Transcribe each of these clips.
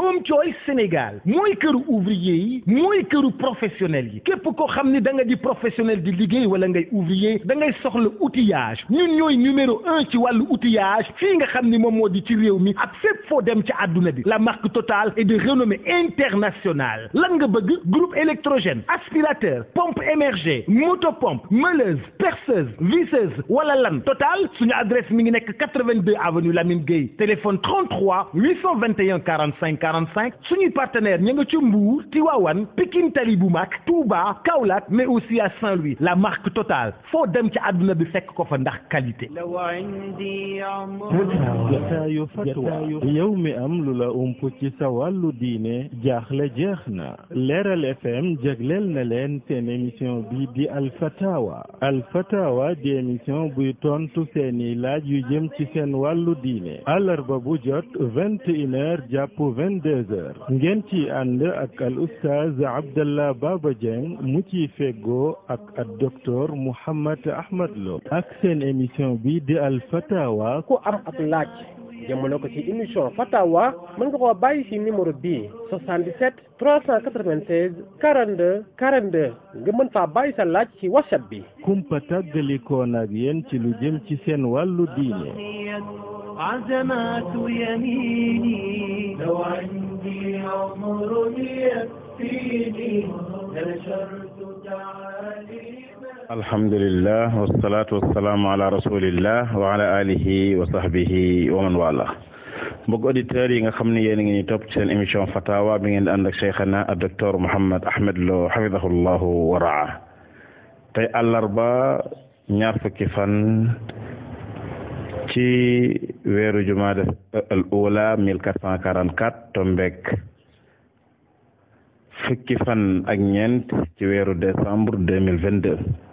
Home Choice Sénégal mooy këru ouvrier yi mooy këru professionnel yi képp koo xam ni da nga di professionnel di liggéey wala ngay ouvrier da ngay soxla outillage ñun ñooy numéro un ci wàllu outillage fi nga xam ni moom moo di ci réew mi ak fépp foo dem ci àdduna bi la marque Total est de renommée internationale lan nga bëgg groupe électrogène aspirateur pompe émergée motopompe meuleuse perceuse visseuse wala lan Total suñu adresse mi ngi nekk 82 avenue Lamine Gueye téléphone quarante cinq suñuy partenaire ña nga ca Mbour Tivaouane Pikine Tali bu mag Touba Kaolack mais aussi à Saint-Louis la marque Total foo dem ci àdduna bi fekk ko fa ndax qualité jataayu fatwa yow mi am lu la ump ci sa wàllu diine jaaxle jeex na leeral fm jagleel na leen seen émission bi di alfatawa alfatawa di émission buy tontu seeni laaj yu jëm ci seen wàllu diine àllarba bu jot une heures jàpp 22 heures ngeen ci ànd ak al oustaz Abdallah Baba Dieng mu ciy feggoo ak ak docteur Mouhammad Ahmad Lo ak seen émission bi di al fatawa ku am ab laaj jëmale ko ci émission fatawa mën nga koo bàyyi ci numéro bii 77 396 42 42 nga mën faa bàyyi sa laaj ci whatsapp bi kumpa tàggalikoon ak yéen ci lu jëm ci seen wàllu diine alhamdulillah wasalaatu wasalaamu ala rasulillah wa alihi wa sahbihi wa man wala yi nga xam ne yéen a ngi top topp ci seen émission fatawa bi ngeen di ànd ak cheikhana ak docteur Mouhammad Ahmed Lo xafidahullahu wa raa tey àllarba ñaar fukki fan ci weeru jumaada al quarante 1444 tombeek fukki fan ak ñeent ci weeru décembre 2022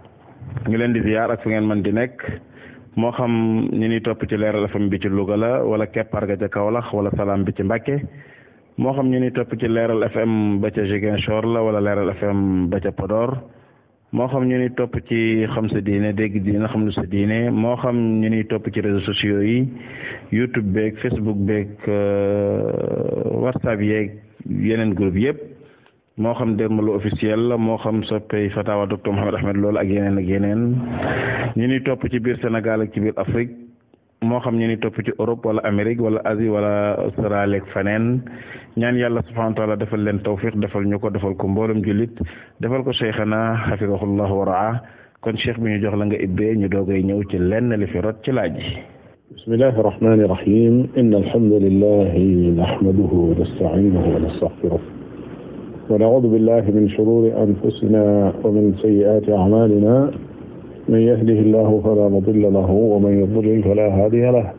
ñu leen di ziar ak fu ngeen man di nekk moo xam ñu ni topp ci leeral FM bi ci Louga la wala keppaar ga ja Kaolack wala salaam bi ci Mbàkke moo xam ñu ni topp ci leeral FM ba ca Ziguinchor la wala leeral FM ba ca Podor moo xam ñu ni topp ci xam sa diine dégg dina xam lu sa moo xam ñu ni topp ci réseaux sociaux yi YouTube beeg Facebook beeg euh, WhatsApp yeeg yeneen groupe yëpp. moo xam dermalu officiel la moo xam soppey fatawa docteur Mohamed Ahmed lool ak yeneen ak yeneen ñu ni topp ci biir Sénégal ak ci biir Afrique moo xam ñu ni topp ci Europe wala Amérique wala Asie wala Australie faneen ñaan yàlla subhanahu wa taala defal leen tawfiq defal ñu ko defal ko mboolem jullit defal ko cheikhana xafidahullah waraa kon cheikh bi ñu jox la nga ibbee ñu doogay ñëw ci lenn li fi rot ci laaj yi bismillahi rahmani rahim inna alhamdulillahi nahmaduhu ونعوذ بالله من شرور أنفسنا ومن سيئات أعمالنا من يهده الله فلا مضل له ومن يضلل فلا هادي له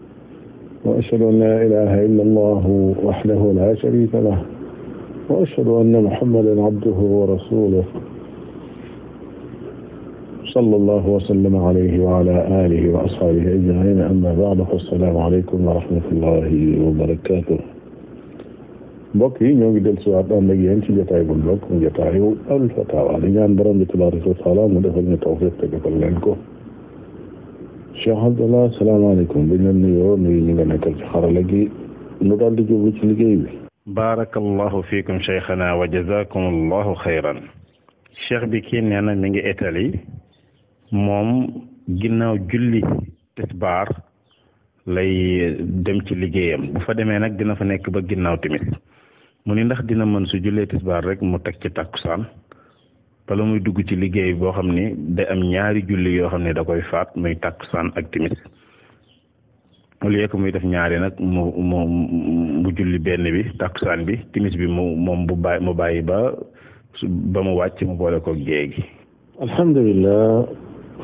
وأشهد أن لا إله إلا الله وحده لا شريك له وأشهد أن محمدا عبده ورسوله صلى الله وسلم عليه وعلى آله وأصحابه أجمعين أما بعد فالسلام عليكم ورحمة الله وبركاته mbokk yi ñoo ngi dellu si waat ànd ak yéen ci mu jotaayu al fatawa ñaan borom bi tabaaraka wa taala mu defal ñu tawfiq te defal leen ko Cheikh Abdallah salaamaaleykum bi ñu leen nuyoo nuyu ñu nga liggéey bi baarakallahu fiikum cheikhana wa jazakum allahu xayran cheikh bi kii nee na mi ngi moom ginnaaw julli tisbaar lay dem ci liggéeyam bu fa demee nag dina fa nekk ba ginnaaw tamit mu ni ndax dina mën su jullee tisbaar rek mu teg ci takkusaan bala muy dugg ci liggéey boo xam ne day am ñaari julli yoo xam ne da koy faat muy takkusaan ak timis mu léegi muy def ñaari nag mu mu julli benn bi takkusaan bi timis bi mu moom bu bàyyi mu bàyyi ba ba mu wàcc mu boole ko géej gi. alhamdulilah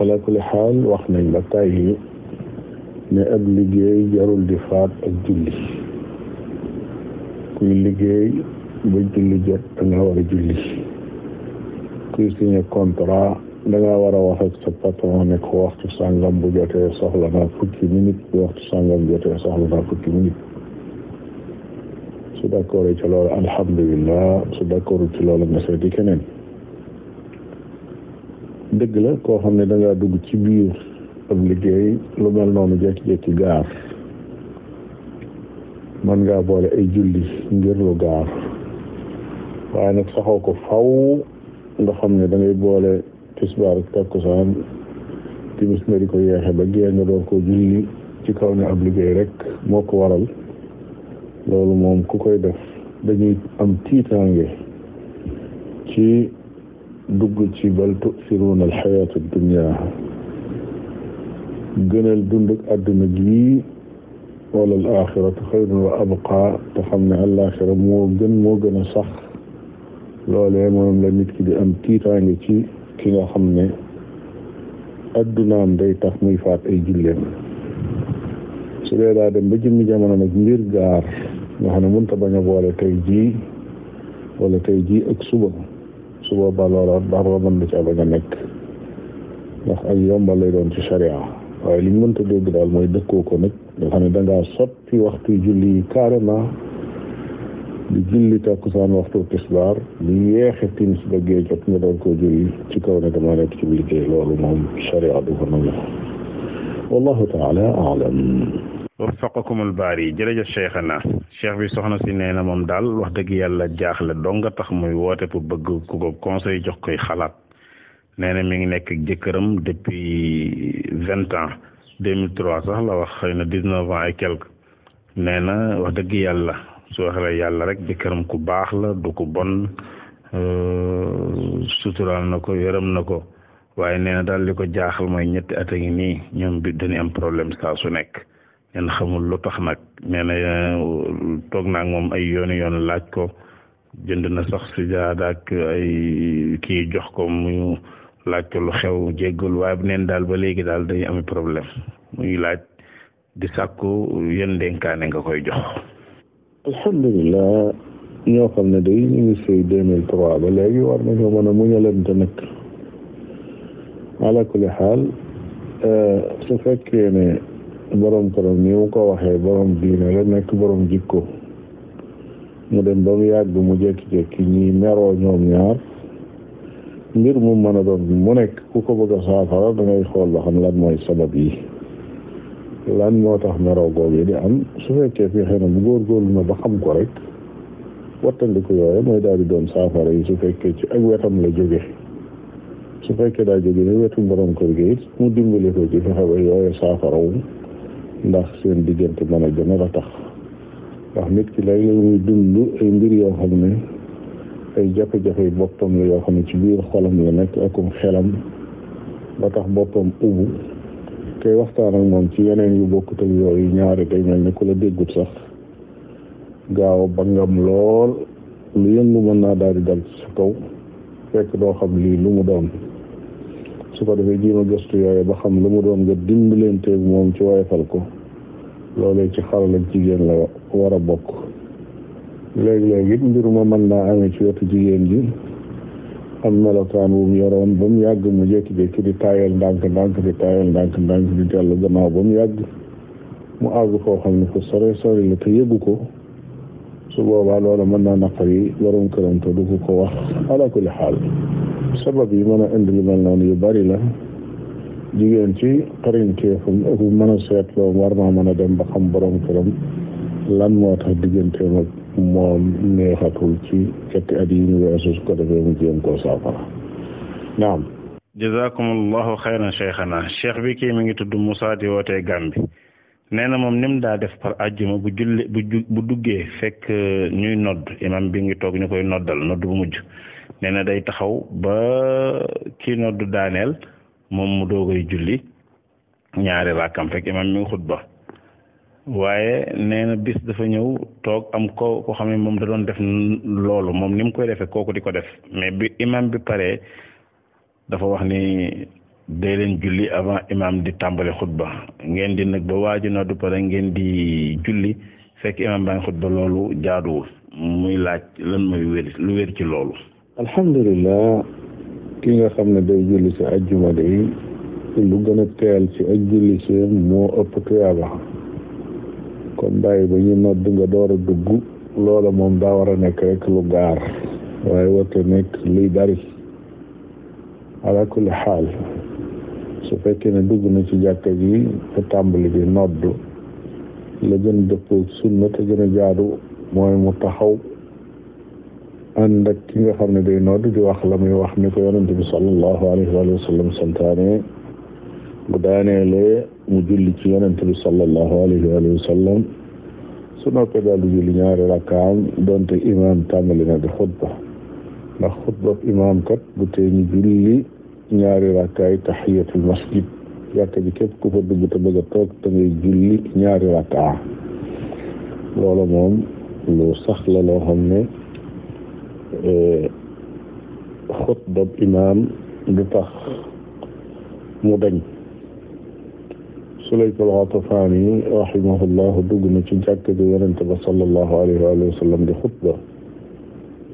ala kulli xaal wax nañ ba tey ne ab liggéey jarul di faat ak julli. kuy liggéey ba julli jot danga war a julli kuy signé contrat danga war a wax ak sa patron ne ko waxtu sàngam bu jotee soxla naa fukki minute bu waxtu sàngam jotee soxla fukki minute su d'accord ci lool alhamdulilah su d'accord ci loolu nga seeti keneen dëgg la koo xam ne danga dugg ci biir liggéey lu mel noonu jekki-jekki gaar man ngaa boole ay julli ngir lu gaar waaye nag saxoo ko faw nga xam ne dangay boole tisbaar ak takkusaan timis nga di ko yeexe ba gée nga door ko julli ci kaw ne ab liggéey rek moo ko waral loolu moom ku koy def dañuy am tiitaange ci dugg ci bal tusiruuna alxayaata dunya gënal dund ak àdduna gii wala al axiratu xayrun wa abqa te xam ne àllaaxira moo gën moo gën a sax loolee moom la nit ki di am tiitaange ci ki nga xam ne addunaam day tax muy faat ay julleem su dee daa dem ba jëmmi jamono nag mbir gaar nga xam ne mënta bañ a boole tey jii wala tey ji ak suba suba ba loola dara mën na caa a nekk ndax ak yombal lay doon ci sharia waaye li ñu mënta dégg daal mooy dëkkoo ko nag nga xam ne dangaa soppi waxtu julli yi carrément di julli takkusaan waxtu tisbaar li yeexe timis ba gee jot nga doon koo julli ci kaw ne dama nekk ci liggéey loolu moom charia du ko nangu wallahu taala alam waffaqakum albaari jërëjëf cheikhana cheikh bi soxna si nee na moom daal wax dëgg yàlla jaaxle dong nga tax muy woote pour bëgg ku ko conseil jox koy xalaat nee na mi ngi nekk ak jëkkëram depuis vingt ans deux mille trois sax la wax xëy na dix neuf ans et quelque nee na wax dëgg yàlla su waxee yàlla rek jëkkëram ku baax la du ku bon euh, suturaal na ko yërëm na ko waaye nee na daal li ko jaaxal mooy ñetti at a ngi nii ñoom bi dañuy am problème saa su nekk neen xamul lu tax nag nee euh, toog naa moom ay yooni yoon laaj ko jënd na sax si kii jox ko mu laajte lu xew jéggul waaye bu neen daal ba léegi daal dañu am problème muy laaj di sàkku yan dénkaane nga koy jox. alhamdulilah ñoo xam ne day ñu ngi sëy deux mille trois ba léegi war nañoo mën a muñalante nag ala kulli xaal euh, su fekkee ne borom këram ni mu ko waxee borom diine la nekk borom jikko mu dem ba mu yàgg mu jékki-jékki ñi meroo ñoom ñaar. mbir mu mën a doon mu nekk ku ko bëgg a saafara da ngay xool ba xam lan mooy sabab yi lan moo tax meraw googee di am su fekkee fii xëy na bu góorgóorlu na ba xam ko rek wattandiku yooyu mooy daal di doon saafara yi su fekkee ci ak wetam la jóge su fekkee daal jóge ni wetu borom kër gi mu dimbali ko ci fexe ba yooyu saafarawu ndax seen diggante mën a gën a tax ndax nit ki léeg-léeg dund ay mbir yoo xam ne ay jafe-jafe boppam la yoo xam ne ci biir xolam la nekk akum xelam ba tax boppam ubbu koy waxtaan ak moom ci yeneen yu bokkut ak yooyu ñaari day mel ni ku la déggut sax gaaw ba ngam lool lu yëngu mën naa daal di dal ci sa kaw fekk doo xam lii lu mu doon su ko defee jiima gëstu yooyu ba xam lu mu ga nga dimbalanteeg moom ci woyofal ko loolee ci xarala jigéen la war a bokk léeg-léeg it mbir ma mën naa amee ci wetu jigéen ji am melokaan wu mu yoroon ba mu yàgg mu jékki-jékki di taayal ndànk-ndànk di taayal ndànk-ndànk di dellu gannaaw ba mu yàgg mu àgg koo xam ne ko sore sori la te yëgu ko su boobaa loola mën naa naqar yi borom këram te du ko wax ala kulli xaal sabab yi mën a indi lu mel noonu yu bari la jigéen ci xarinteefam ak mën a seetloo war naa mën a dem ba xam borom këram lan moo tax digganteem ak moom neexatul ci fekk at yi ñu weesu su ko defee mu jéem koo saafara naam. jazakumullahu xayran cheikhana cheikh bi kii mi ngi tudd Moussa di wootee Gambi nee na moom nim daa def par àjjuma bu julli bu ju bu duggee fekk euh, ñuy nodd imam bi ngi toog ñu koy noddal nodd bu mujj nee na day taxaw ba kii nodd daaneel moom mu doogay julli ñaari rakkam fekk imam mi xutba waaye nee na bis dafa ñëw toog am ko ko xam ne moom da doon def loolu moom ni mu koy defee kooku di ko def mais bi imaam bi paree dafa wax ni day leen julli avant imaam di tàmbali xutba ngeen di nag ba waaju naa du pare ngeen di julli fekk imam baa ngi xutba loolu jaaduwul muy laaj lan mooy wér lu wér ci loolu alhamdulilah ki nga xam ne day julli si ajjuma day lu gën a teel ci ak julli si moo ëpp tuyaaba kon bàyyi ba ñu nodd nga door a dugg loola moom daa war a nekk rek lu gaar waaye warta nekk luy dari ala kulli xaal su fekkee ne dugg na ci jàkka ji te tàmbali bi nodd la gën dëppoo sunna te gën a jaadu mooy mu taxaw ànd ak ki nga xam ne day nodd di wax la muy wax ni ko yonent bi sallallahu alayhi wa sallam santaane bu daaneelee mu julli ci yonent bi sallallahu alayhi su noppee daal di julli ñaari rakkaam donte imaam tàmbali na di xutba ndax xutba imaam kat bu tee ñu julli ñaari rakkaay tahiyatul masjid jàkka ji képp ku fa dugg te bëgg a toog te ngay ñaari rakkaa loolu moom lu sax loo xam ne e, xutba imaam du tax mu dañ Sulayk al-Ghatafani rahimahullah dugg na ci jàkk ji yonent ba sallallahu alayhi wa sallam di xutba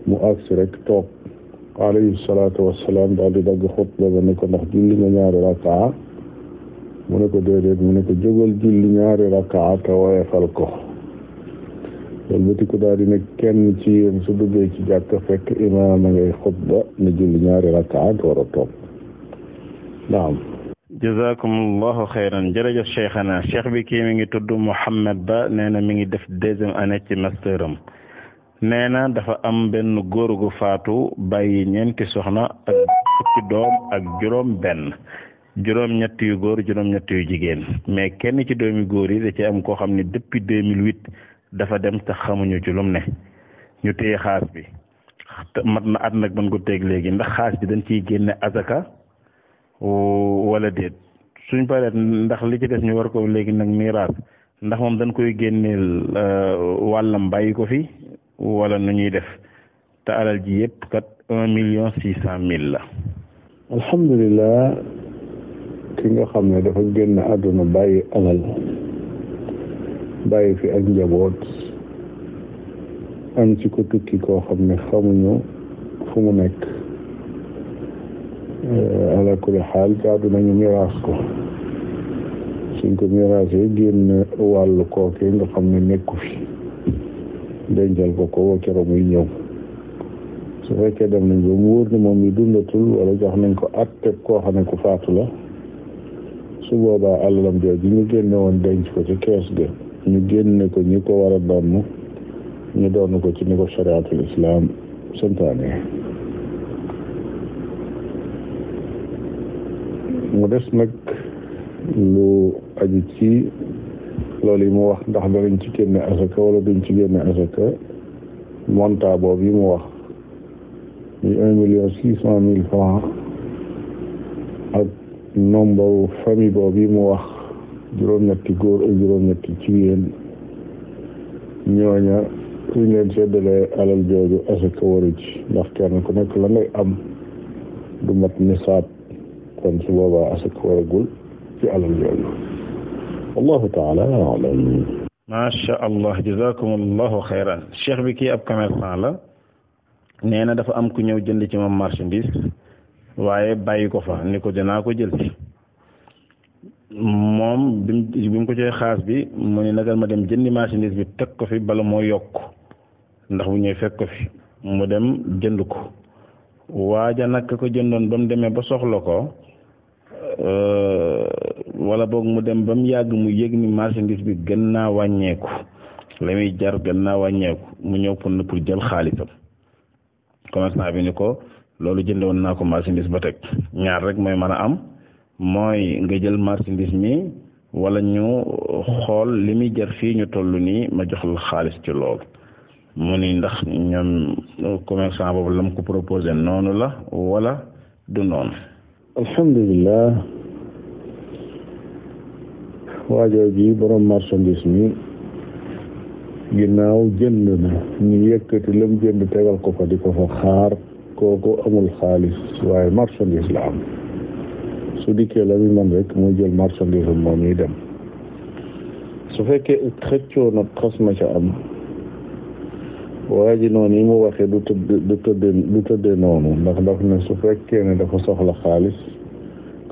mu agsi rek toog alayhi salaatu wasalaam daal di dagg xutba ba ne ko ndax julli nga ñaari rakaa mu ne ko déedéet mu ne ko jógal julli ñaari rakaa te woyefal ko wëlbatiku daal di ne kenn ci yéen su duggee ci jàkk fekk imaam a ngay xutba julli ñaari rakaa war a naam jazakumullahu xayran jërëjëf cheikhana cheikh bi kii mi ngi tudd Mouhamed Ba nee na mi ngi def deuxième année ci master am nee na dafa am benn góor gu faatu bàyyi ñeenti soxna ak ak juróom benn juróom ñett yu góor juróom ñett jigéen mais kenn ci doomi góor yi da ci am koo xam ne depuis 2008 dafa dem tax xamuñu ci lum ne ñu téye xaas bi mat na at nag ban ko teeg léegi ndax xaas bi dañ ciy génne azaka wala déet suñ paree ndax li ci des ñu war ko léegi nag miraas ndax moom dañ koy génneel euh, wàllam bàyyi ko fi wala nu ñuy def te alal ji yëpp kat un million six cent mille la. alhamdulilah ki nga xam ne dafa génn àdduna bàyyi alal bàyyi fi ak njaboot am ci ko tukki koo xam ne xamuñu fu mu nekk. Euh, ala kulli xaal jaadu nañu miraas ko suñ ko miraasee génn wàllu kooke nga xam ne nekku fi dencal ko ko keroog muy ñëw su fekkee dem nañ ba mu wóor ne moom mi dundatul wala jox nañ ko àtteeg koo xam ne ku faatu la su boobaa alalam jooju ñu génne woon denc ko ci kees ga ñu génne ko ñu ko war a donn ñu donn ko ci ni ko chariatul islam santaane mu des nag lu aju ci loolu yi mu wax ndax danañ ci génne asaka wala duñ ci génne asaka montant boobu yi mu wax muy un million six cent mille francs ak nombre famille boobu yi mu wax juróom-ñetti góor ak juróom-ñetti jigéen ñooña suñ leen seddalee alal jooju asaka waru ci ndax kenn ku nekk la ngay am du mat nisaab kon su boobaa asaka waragul ci alal yooyu wallahu taala alam macha allah jazakumullahu cheikh bi kii ab commerçant la nee na dafa am ku ñëw jënd ci moom marchandise waaye bàyyi ko fa ni ko dinaa ko jël moom bi mu bi mu ko joxee xaas bi mu ne nagal ma dem jëndi marchandise bi teg ko fi bala moo yokk ndax mu ñëw fekk ko fi mu dem jënd ko waaja nag ko jëndoon bam demee ba soxla ko Euh, wala boog mu dem ba mu yàgg mu yëg ni marchandise bi gën naa wàññeeku la jar gën naa wàññeeku mu ñëw pour na pour jël xaalisam commerçant bi ni ko loolu jënde woon naa ko marchandise ba teg ñaar rek mooy mën a am mooy nga jël marchandise mi wala ñu xool li muy jar fii ñu toll nii ma jox la xaalis ci lool mu ni ndax ñoom commerçant boobu lam ko proposé noonu la wala du noonu alhamdulilah waajoo ji borom marchandise mi ginnaaw jënd na ñu yëkkati lam jënd tegal ko fa di ko fa kooku amul xaalis waaye marchandise la su dikkee la mi man rek muy jël marchandise am moom yi dem su fekk xëccoo nag xas na ca am waa ji noonu yi mu waxee du tëdd du tëddee du tëddee noonu ndax daf ne su fekkee ne dafa soxla xaalis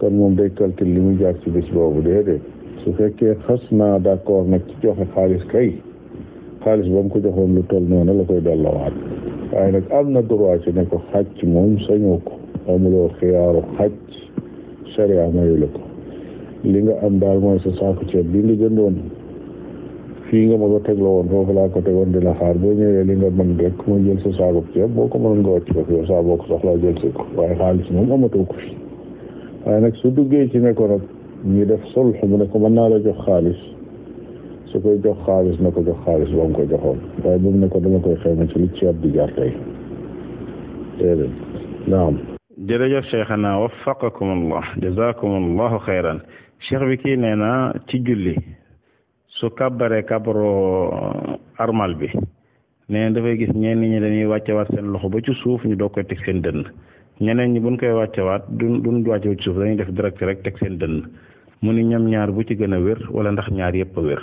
kon moom day calcul li muy jaar ci bés boobu déedéet su fekkee xas naa d'accord nag ci joxe xaalis kay xaalis ba mu ko joxoon lu toll noonu la koy delloowaat waaye nag am na droit ci ne ko xàcc moom sañoo ko amuloo xiyaaru xàcc sharia mayu la ko li nga am daal mooy sa saaku ceeb bi nga jëndoon fii nga ma ko tegloo woon foofu laa ko tegoon di la xaar boo ñëwee li nga mën rek mooy jël sa saaku ceeb boo ko mënoon nga wàcc ko fi saa boo ko soxlaa jël si ko waaye xaalis moom amatoo ko waaye nag su duggee ci ne ko nag ñu def sulx mu ne ko mën naa la jox xaalis su koy jox xaalis na ko jox xaalis ba mu ko joxoon waaye bu mu ko dama koy xayma ci li ceeb di jar tey déedéet naam jërëjëf cheikhana waffaqakum allah jazakum allahu xayran cheikh bi kii nee na ci julli su kàbbaree kàbbaroo armal bi nee na dafay gis ñenn ñi dañuy wàcce waat seen loxo ba ci suuf ñu doog koy teg seen ñeneen ñi buñ koy wàccewaat du duñ wàccewu ci suuf dañuy def direct rek teg seen dënn mu ni ñoom ñaar bu ci gën a wér wala ndax ñaar yëpp a wér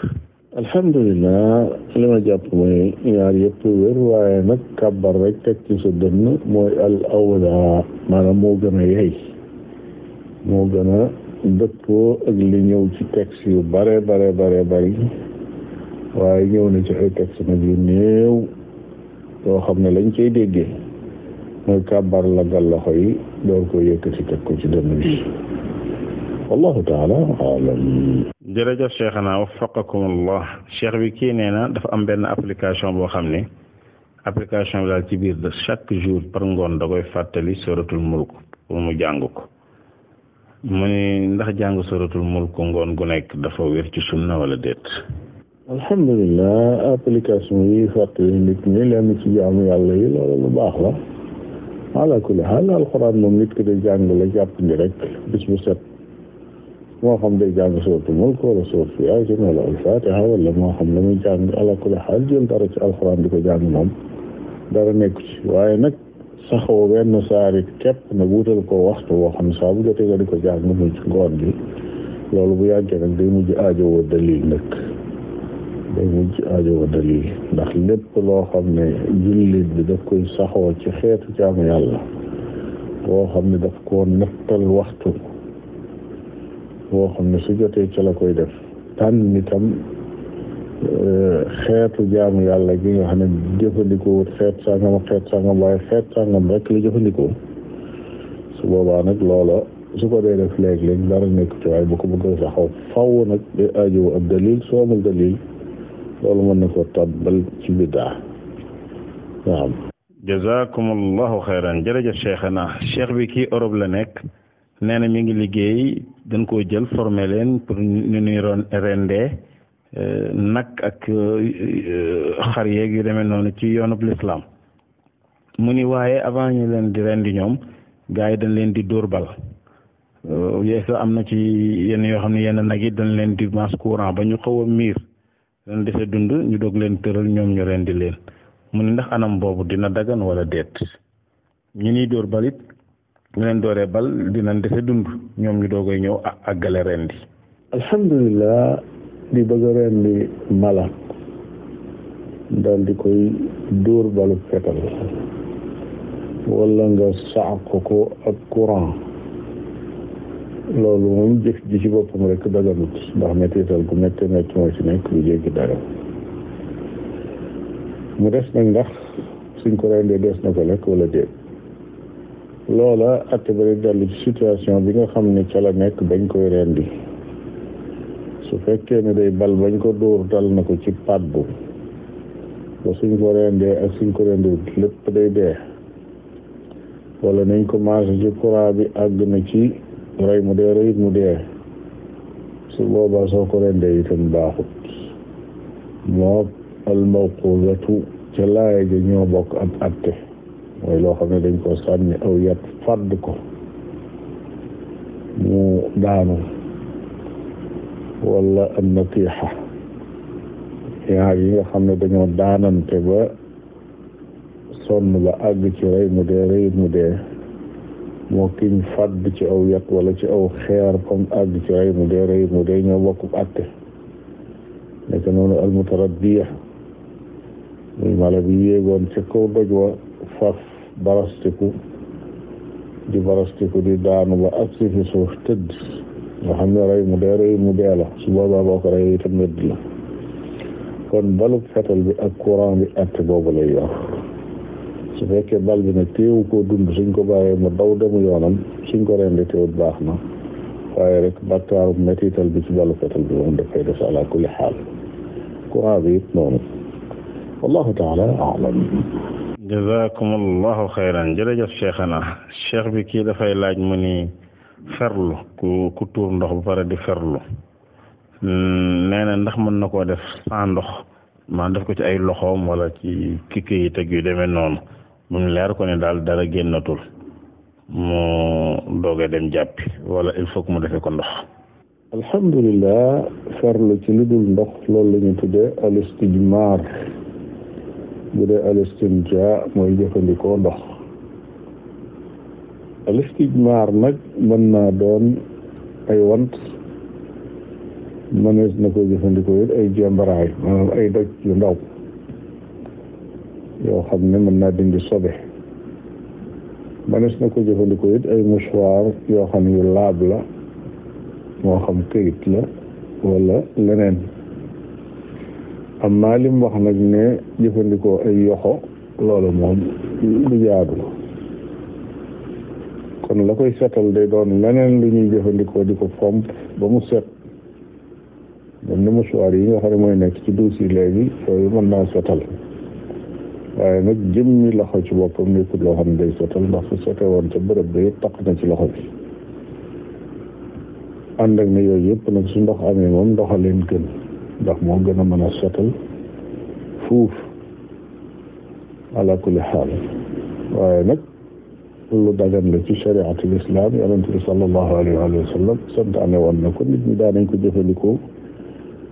alhamdulilah li ma jàpp mooy ñaar yëpp wér waaye nag kàbbar rek teg ci sa dënn mooy al awla maanaam moo gën a yey moo gën a dëppoo ak li ñëw ci texte yu bare bare bare bari waaye ñëw na ci ay texte nag yu néew yoo xam ne lañ cay déggee mooy kàbbar la gal yi door ko yëkkati teg ko ci dënn bi wallahu taala alam jërëjëf cheikhana waffaqakum allah cheikh bi kii nee na dafa am benn application boo xam ne application bi daal ci biir de chaque jour par ngoon da koy fàttali suratul mulk pour mu jàng ko mu ni ndax jàng suratul mulk ngoon gu nekk dafa wér ci sunna wala déet alhamdulilah application yi fàttali nit ñi lenn ci jaamu yàlla yi loolu lu baax la ala kulli xaal alxuraan moom nit ki day jàng la jàpp ni rek bis bu set moo xam day jàng soo mulk wala sootu yaasin wala alfatiha wala moo xam la muy jàng ala kulli xaal dara ci alxuraan di ko jàng moom dara nekk ci waaye nag saxoo benn saari képp na wuutal ko waxtu woo xam saa bu jotee di ko jàng mu ci ngoon bi loolu bu yàggee nag day mujj aajowoo dalil nag day mujj aajowoo dalil ndax lépp loo xam ne jullit bi daf koy saxoo ci xeetu jaamu yàlla boo xam ne daf koo nattal waxtu boo xam ne su jotee ca la koy def tànn itam euh, xeetu jaamu yàlla gi nga xam ne jëfandikoo wut xeet sàngam xeet sàngam waaye xeet sàngam rek la jëfandikoo su boobaa nag loola su ko dee def léeg-léeg dara nekk ci waaye bu ko bëgg a saxoo faw nag day aajowu ab dalil soo amul dalil loolu mën na ko tàbbal ci biddaa waaw jazakumullahu xayran jërëjëf cheikhana cheikh bi kii Europe la nekk nee na mi ngi liggéey dañ koo jël formé leen pour ñu nuy rendee euh, nag ak euh, euh, xar yeeg yu demee noonu ci yoonub lislaam mu ni waaye avant ñu leen di rendi ñoom gars yi dañ leen di dóor bal yeesa am na ci yenn yoo xam ne yenn nag yi dañ leen di masse courant ba ñu xaw miir leen dese dund ñu doog leen tëral ñoom ñu di leen mu ne ndax anam boobu dina dagan wala deet ñu niy dóor balit leen dooree bal dinañ dese dund ñoom ñu doogay ñëw àggale rendi alhamdulilah di bëgg a rendi mala daal koy dóor balu fetal wala nga saako ko ak courant loolu moom jëf ji ci boppam rek daganut ndax mettital ku méttee métti moo ci nekk lu jéggi dara mu des nag ndax suñ ko rendee des na ko lekk walla déet loola atte bari dellu ci situation bi nga xam ne ca la nekk bañ koy rendi su fekkee ne day bal bañ ko dóor dal na ko ci paat bu ba suñ ko rendee ak suñ ko rendiwut lépp day dee wala nañ ko maase ci courant bi àgg na ci rey mu dee reyit mu dee su boobaa soo ko rendee itam baaxut moo almawquzatu ca laaya ja ñoo bokk ab atte mooy loo xam ne dañ ko sànni aw yat fàdd ko mu daanu wala an natiixa yaar yi nga xam ne dañoo daanante ba sonn ba àgg ci rey mu dee reyit mu dee moo kiñ fàdd ci aw yat walla ci aw xeer comme àgg ci rey mu dee rey mu dee ñoo bokkub àtte nekk noonu almutaraddiya muy mala bi yéegoon ca kaw doj wa faf barastiku di barastiku di daanu ba ak si fi suuf tëdd nga xam ne rey mu dee rey mu dee la su boobaa boo ko rey itam mëdd la kon balub fetal bi ak courant bi àtte boobu lay su fekkee bal bi nag téewu koo dund suñ ko bàyyee mu daw demu yoonam suñ ko rendi téewut baax na waaye rek bàkkaaru mettital bi ci balu fetal bi moom def ala kulli xaal courant bi bi kii dafay laaj mu ni ferlu ku tuur ndox ba pare di ferlu nee na ndax mën na koo def sans ndox maa def ko ci ay loxoom wala ci kii yi teg yu demee noonu mun leer ko ne daal dara génnatul mu doogee dem jàppi wala il faut mu defee ko ndox alhamdulilah farlu ci lu dul ndox loolu la ñu tuddee al istijmar bu dee al istinja mooy jëfandikoo ndox al istijmar nag mën naa doon ay want mënees na ko jëfandikoo it ay jembaraay maanaam ay doj yu ndaw yoo xam ne mën naa dindi sobe manees na ko jëfandikoo it ay mouchoir yoo xam yu laab la moo xam këyit la wala leneen amma lim wax nag ne jëfandikoo ay yoxo loolu moom du jaadu kon la koy setal day doon leneen lu ñuy jëfandikoo di ko fomp ba mu set moom ni mouchoir yi nga xam ne mooy nekk ci duus yi léegi yooyu mën naa setal waaye nag jëmmi loxo ci boppam nekkul loo xam ne day sotal ndax su sotee woon ca bërëb ba yëpp taq na ci loxo bi ànd ak ne yooyu yëpp nag su ndox amee moom ndoxa leen gën ndax moo gën a mën a sotal fuuf ala kulli xaal waaye nag lu dagan la ci shariatul islam yonent bi sallallahu alayhi wa sallam santaane woon a ko nit ñi daanañ ko jëfandikoo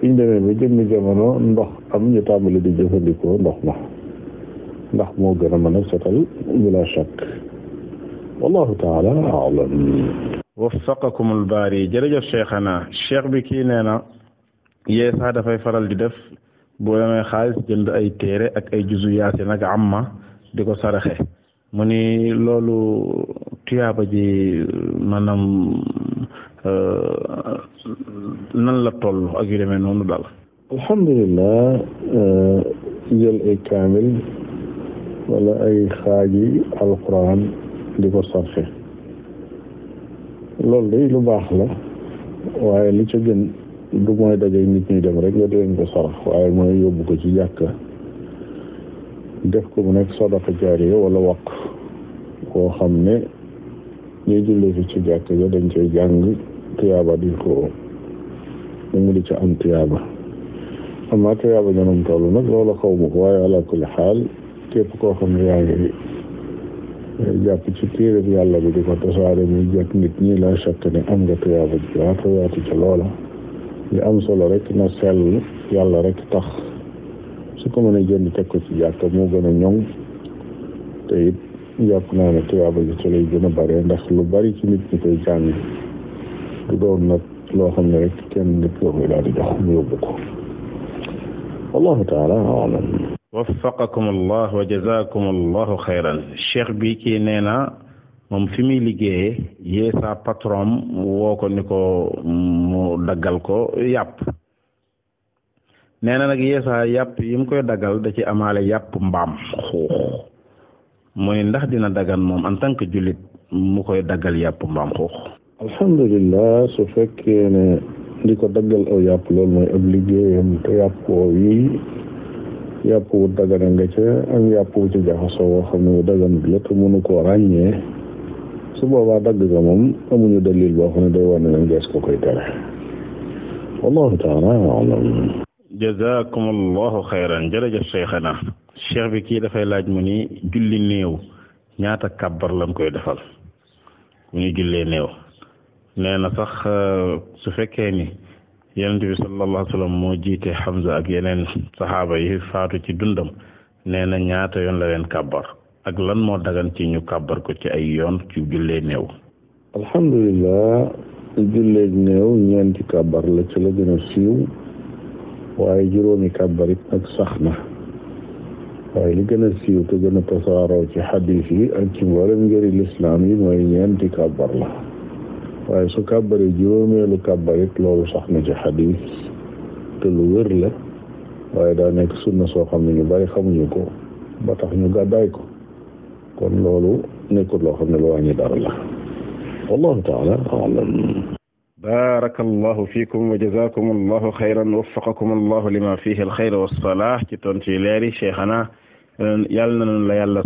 biñ demee ba jëmmi jamono ndox am ñu tàmbali di jëfandikoo ndox ma ndax moo gën a mën a bila shakk wallahu taala alam waffaqakum albaari jërëjëf cheikhana cheikh bi kii nee na yee sax dafay faral di def boo demee xaalis jënd ay téere ak ay juzu yaasin ak amma di ko saraxe mu ni loolu tuyaaba ji maanaam euh, nan la toll ak noonu daal alhamdulilah euh, jël ay kaamil wala ay xaaji alquran di ko sarxe loolu day lu baax la waaye li ca gën du mooy dajay nit ñi dem rek nga di leen ko sarax waaye mooy yóbbu ko ci jàkka def ko mu nekk sadaqa jaariya wala waq koo xam ne ñuy jullee fi ci jàkka ja dañ koy jàng tuyaaba di ko mu ngi di ca am tuyaaba amaa tuyaaba ñoom toll nag loolu xaw ma ko waaye ala kulli xaal képp koo xam ne yaa ngi jàpp ci téere yàlla bi di ko tasaare muy jot nit ñi la chaque ne am nga tuyaaba ji waa tuyaatu ci loola li am solo rek na sell yàlla rek tax su ko mënee jënd teg ko ci jàkka moo gën a ñoŋ te it jàpp naa ne ci lay gën a bare ndax lu bari ci nit ñi koy jàng du doon nag loo xam ne rek kenn nit ko koy daal jox mu yóbbu ko wallahu taala alam waffaqakum allah wa jazakum allahu xayran cheikh bi ki nee na moom fi muy liggéeye yée sa patron woo ko ni ko mu daggal ko yàpp nee na nag yée yàpp yim koy daggal da ci amaale yàpp mbaam xuux mu ndax dina dagan moom en tant que julit mu koy daggal yàpp mbaam xuux alhamdulilah su fekkee ne di ko daggal aw yàpp loolu mooy ab liggéeyam te yàpp yi yàpp wu dagana nga ca ak yàpp wu ci jaxasoo woo xam ne wu dagan bi la te mënu koo ràññee su boobaa dagg nga moom amuñu dalil boo xam ne day wane ne gees ko koy tere wallahu taala alam jazakum allahu xayran jërëjëf bi kii dafay laaj mu ni julli néew ñaata kàbbar lañ koy defal mu ni jullee néew nee na sax euh, su fekkee ni yonent bi sallallahu wa sallam moo jiite Hamza ak yeneen saxaaba yi faatu ci dundam nee na ñaata yoon la leen kàbbar ak lan moo dagan ci ñu kàbbar ko ci ay yoon ci jullee néew. alhamdulilah jullee néew ñeenti kàbbar la ci la gën a siiw waaye juróomi kàbbar it nag sax na waaye li gën a siiw te gën a tasaaroo ci xadiis yi ak ci mboolem ngëri lislaam yi mooy ñeenti kàbbar la. waaye su kàbbaree juróomeelu kàbbar it loolu sax na ci xadiis te lu wér la waaye daa nekk sunna soo xam ne ñu bari xamuñu ko ba tax ko kon loolu nekkul loo xam ne lu wàññi dara la wallahu taala alam baarakallahu fiikum wa jazakum allahu xayran waffaqakum allahu lima fihi alxayr wassalah ci tontu yi leeri cheikhana yàlla na la yàlla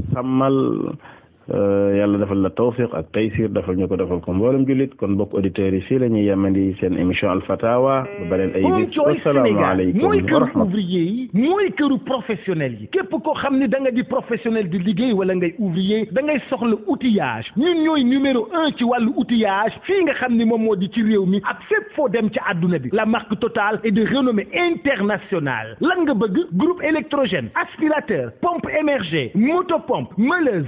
Euh, yàlla defal la tawfiq ak taysir defal ñu ko defal ko mboolem jullit kon bokk auditeurs yi fii la ñuy yemandi seen émission Al Fatawa ba beneen ay bis wasalaamaaleykum mooy këru ouvrier yi mooy këru professionnel yi képp koo xam ne da nga di professionnel di liggéey wala ngay ouvrier da ngay soxla outillage ñun ñooy numéro un ci wàllu outillage fi nga xam ni moom moo di ci réew mi ak fépp foo dem ci àdduna bi la marque Total est de renommée internationale lan nga bëgg groupe électrogène aspirateur pompe émergée motopompe meuleuse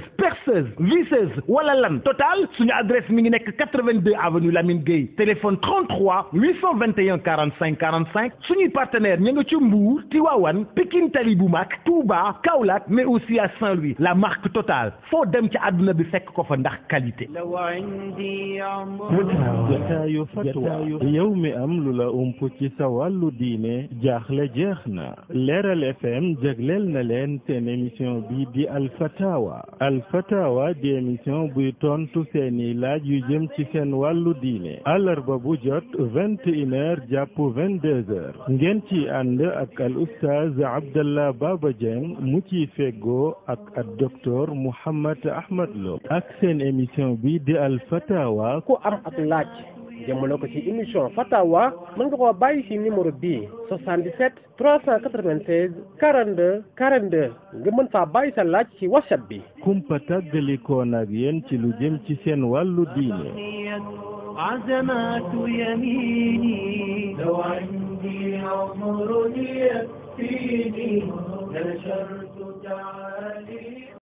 seize vi wala lan total suñu adresse mi ngi nekk 82 avenue Lamine Gueye téléphone 33 821 45 45 suñuy partenaire ña nga ca Mbour Tivaouane Pikine Tali bu mag Touba Kaolack mais aussi à Saint-Louis la marque Total foo dem ci àdduna bi fekk ko fa ndax qualité jataayu fatwa yow mi am lu la ump ci sa wàllu diine jaaxle jeex na Leeral FM jagleel na leen seen émission bi di Al Fatawa Al Fatawa Fatawa di émission buy tontu seeni laaj yu jëm ci seen wàllu diine àllarba bu jot vingt et une heures jàpp vingt ngeen ci ànd ak al oustaz Abdallah Baba Dieng mu ciy feggoo ak ak docteur Mouhammad Ahmad Lo ak seen émission bi di al Fatawa ku am ak laaj jëmale ko ci émission Fatawa mën nga koo bàyyi ci numéro bii 77 396 42 42 nga mën faa bàyyi sa laaj ci whatsapp bi. kumpa tàggalikoon ak yéen ci lu jëm ci seen wàllu diine.